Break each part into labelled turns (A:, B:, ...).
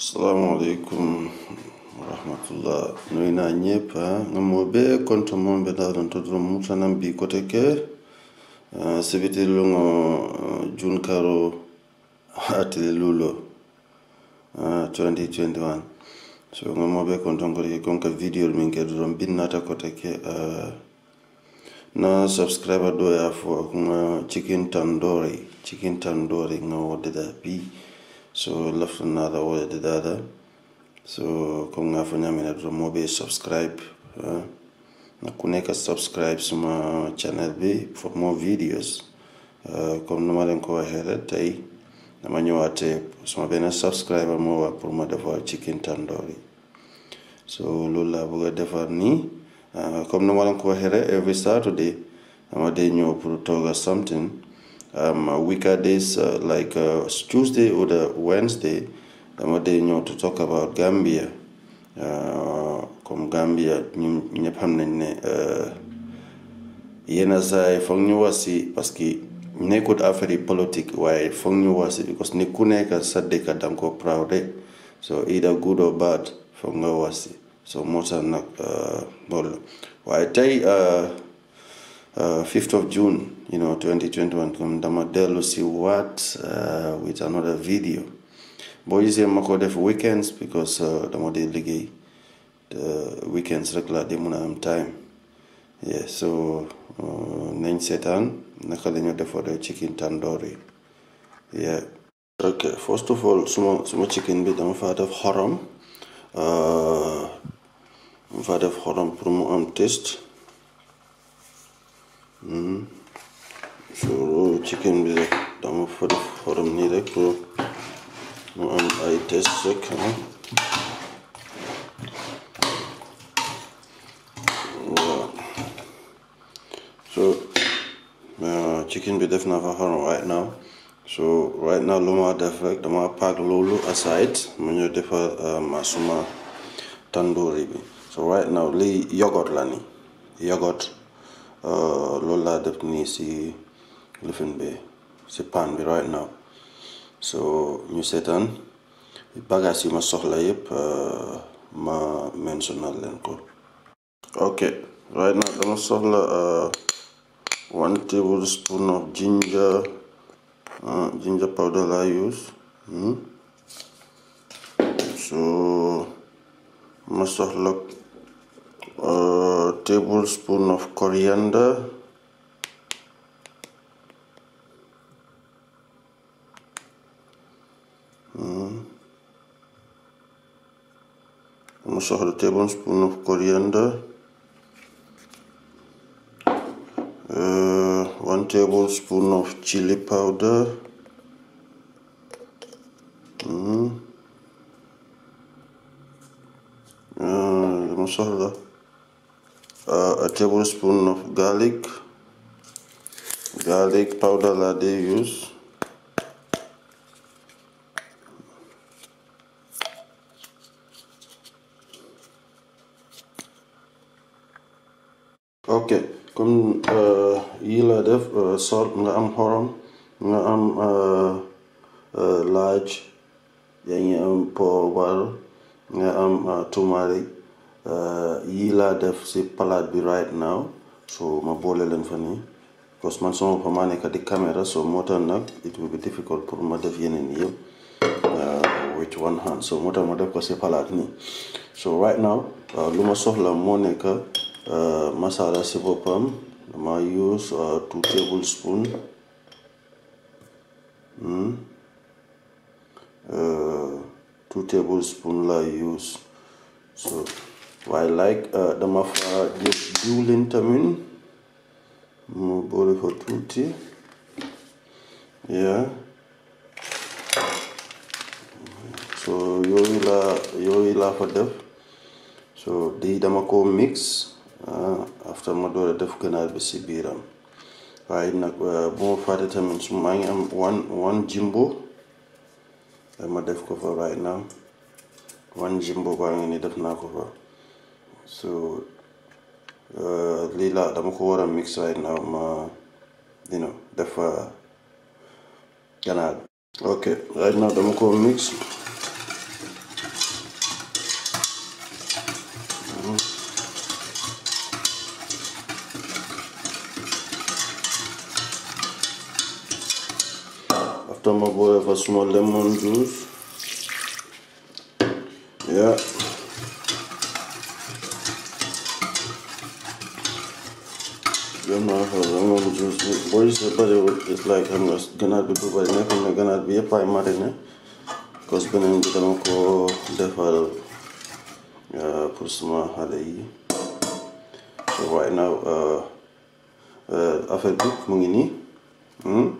A: Salaam alaikum wa rahmatullah. Nous y n'aimons pas. Nous m'obéir contre mon bédard dans tout le monde. Nous sommes côté que c'est vite le long d'un caro à télé lulo 2021. Nous m'obéir contre encore que comme que vidéo le minke du ah, rom bin nata côté que na subscriber doya fo kuma chicken tandoori chicken tandoori nga wadda bi. so left another or did other so comme nga fa ñamé nak do subscribe eh? na ku nekk subscribe suma channel bi for more videos comme eh, nu ma leen ko waxee rek tey dama ñëwaatee suma benn subscriber moo wax pour ma defar chicken tandoori so loolu laa bëgg a defar nii comme eh, nu ma leen ko waxee rek every saturday dama dee ñëw pour tooga something um, uh, weaker days uh, uh Tuesday or Wednesday, dama day ñëw to about Gambia uh, comme Gambia ñu ñëpp xam nañ ne yenn saay foog ñu wax parce que nekkut affaire yi politique waaye foog ñu wax si because ni ku nekk sa dëkk so either good or bad foog nga wax so moo nag waaye tey. Uh, 5th of June, you know, 2021, Kumdamadelu Siwat uh, with another video. you Boise Makode for weekends because uh, the the weekends regular demunam time. Yeah, so seven. Uh, nain setan nakalenyo de for the chicken tandoori. Yeah. Okay, first of all, sumo sumo chicken bi dama fa def xorom. Uh, fa def xorom pour mu am taste. Mm. So chicken bi rek dama fa def xorom nii rek ay test rek ah waaw so chicken bi def naa fa right now so right now lu ma def rek dama pack loolu aside ma ñëw defar uh, ma suma tandoori bi so right now lii yogurt la yogurt uh, Lola laa def nii si lifin bi si paan bi right now so ñu seetaan bagages yi ma soxla yëpp ma mentional leen ko ok right now dama soxla uh, one tablespoon of ginger uh, ginger powder laa use hmm? so ma soxla a tablespoon of coriander Hmm. also have a tablespoon of coriander uh, one tablespoon of chili powder Hmm. uh, المصهر ده tablespoon of garlic garlic powder ok comme euh, yii def euh, salt nga am xorom nga am euh, laaj yaa ngi am poobar nga am turmeric Euh, yii laa def si palaat bi right now so ma boole lan fa nii parce man sama papa maa nekk di caméra so moo tax nag it will be difficult pour ma def yeneen yëpp uh, with one hand so moo tax ma def ko si palaat nii so right now uh, lu ma soxla moo nekk uh, masala si boppam dama use two tablespoon hmm, two tablespoon laa so waaye eh, dama fa jël diwlin tamit mu boole ko tuuti yaa so yooyu laa yooyu laa fa def so di dama ko mix eh, after ma doole def ganaar bi si biiram waaye nag eh, bu ma fàtte tamit su maa ngi am one one jimbo dama def ko fa right now one jimbo baa ngi ni def naa ko fa So uh, ليلى دام كورا mix right now ما you know دفا كنال okay right now دام كورا mix after my boy have a small lemon juice yeah I'm not I'm gonna just boys body is like I'm just gonna be put by neck and I'm gonna be a pie marine. Cause when I'm been in the ko defal uh kusma halayi so right now uh uh after book mungini hmm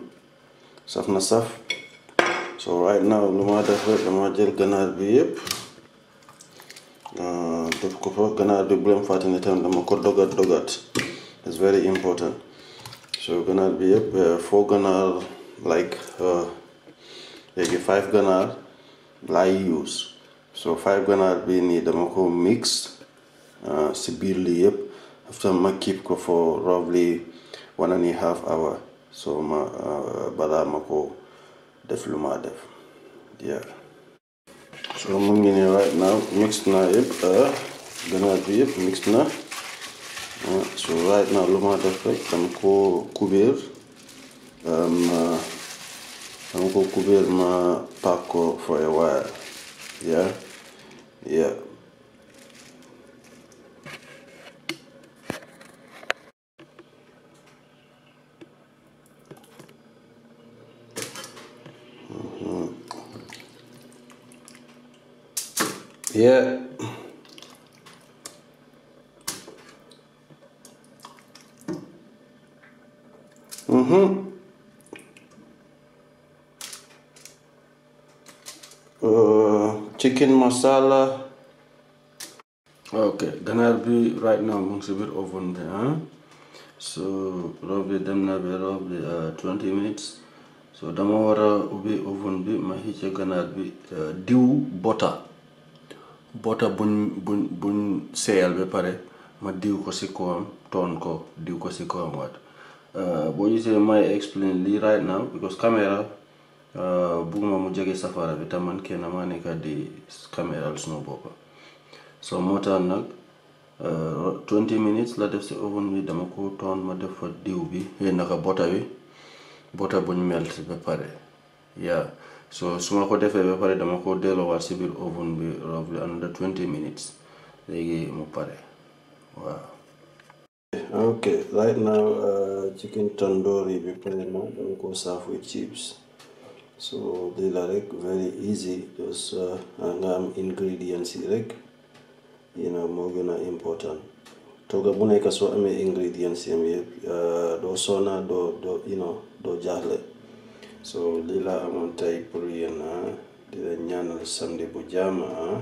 A: saf na saf so right now luma defal luma jël ganaar bi yépp def ko fa ganaar bi bu leen fàtte ne tam dama ko dogat dogat very important so ganaar bi yëpp eh, foo ganaar like eh, five ganaar laay use so five ganaar bi nii dama ko mix eh, si biir li yëpp after ma keep ko for roughly one and a half hour so balaa ma ko def lu ma def yeah so mu ngi ne right now mix naa yëpp ganaar bi yëpp mix na so right now lumada effect dama ko couvrir um, dama ko couvrir ma pack for a while yeah yeah Yeah. Mm-hmm. Uh, chicken masala. Okay, gonna be right now amongst a bit oven there. Huh? So, probably them na be probably uh, 20 minutes. So, dama wara ubi oven bi mahiche gonna be uh, dew butter. Butter bun bun bun sale be pare ma diw ko si ton ko diw ko si Uh, bo usé my explain li right now because caméra uh, buguma mu jege safara bi taman kena mane kadi caméra suno boppa so motan nag 20 uh, minutes la def si oven bi dama ko toon ma def fa diw bi naka bota wi bota buñ melt ba pare ya so suma ko defee ba pare dama ko delowaat si biir oven bi rovli another 20 minutes léegi mu pare waaw Okay, right now, uh, chicken tandoori prepared now. Don't go serve with chips. So they are like very easy. Those uh, um, ingredients like you know more gonna important. Toga buna ikaswa ame ingredients yame uh, do sona do do you know do jahle. So lila amontai puriana. Uh, Dila nyana samde bujama.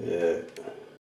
A: Uh, yeah.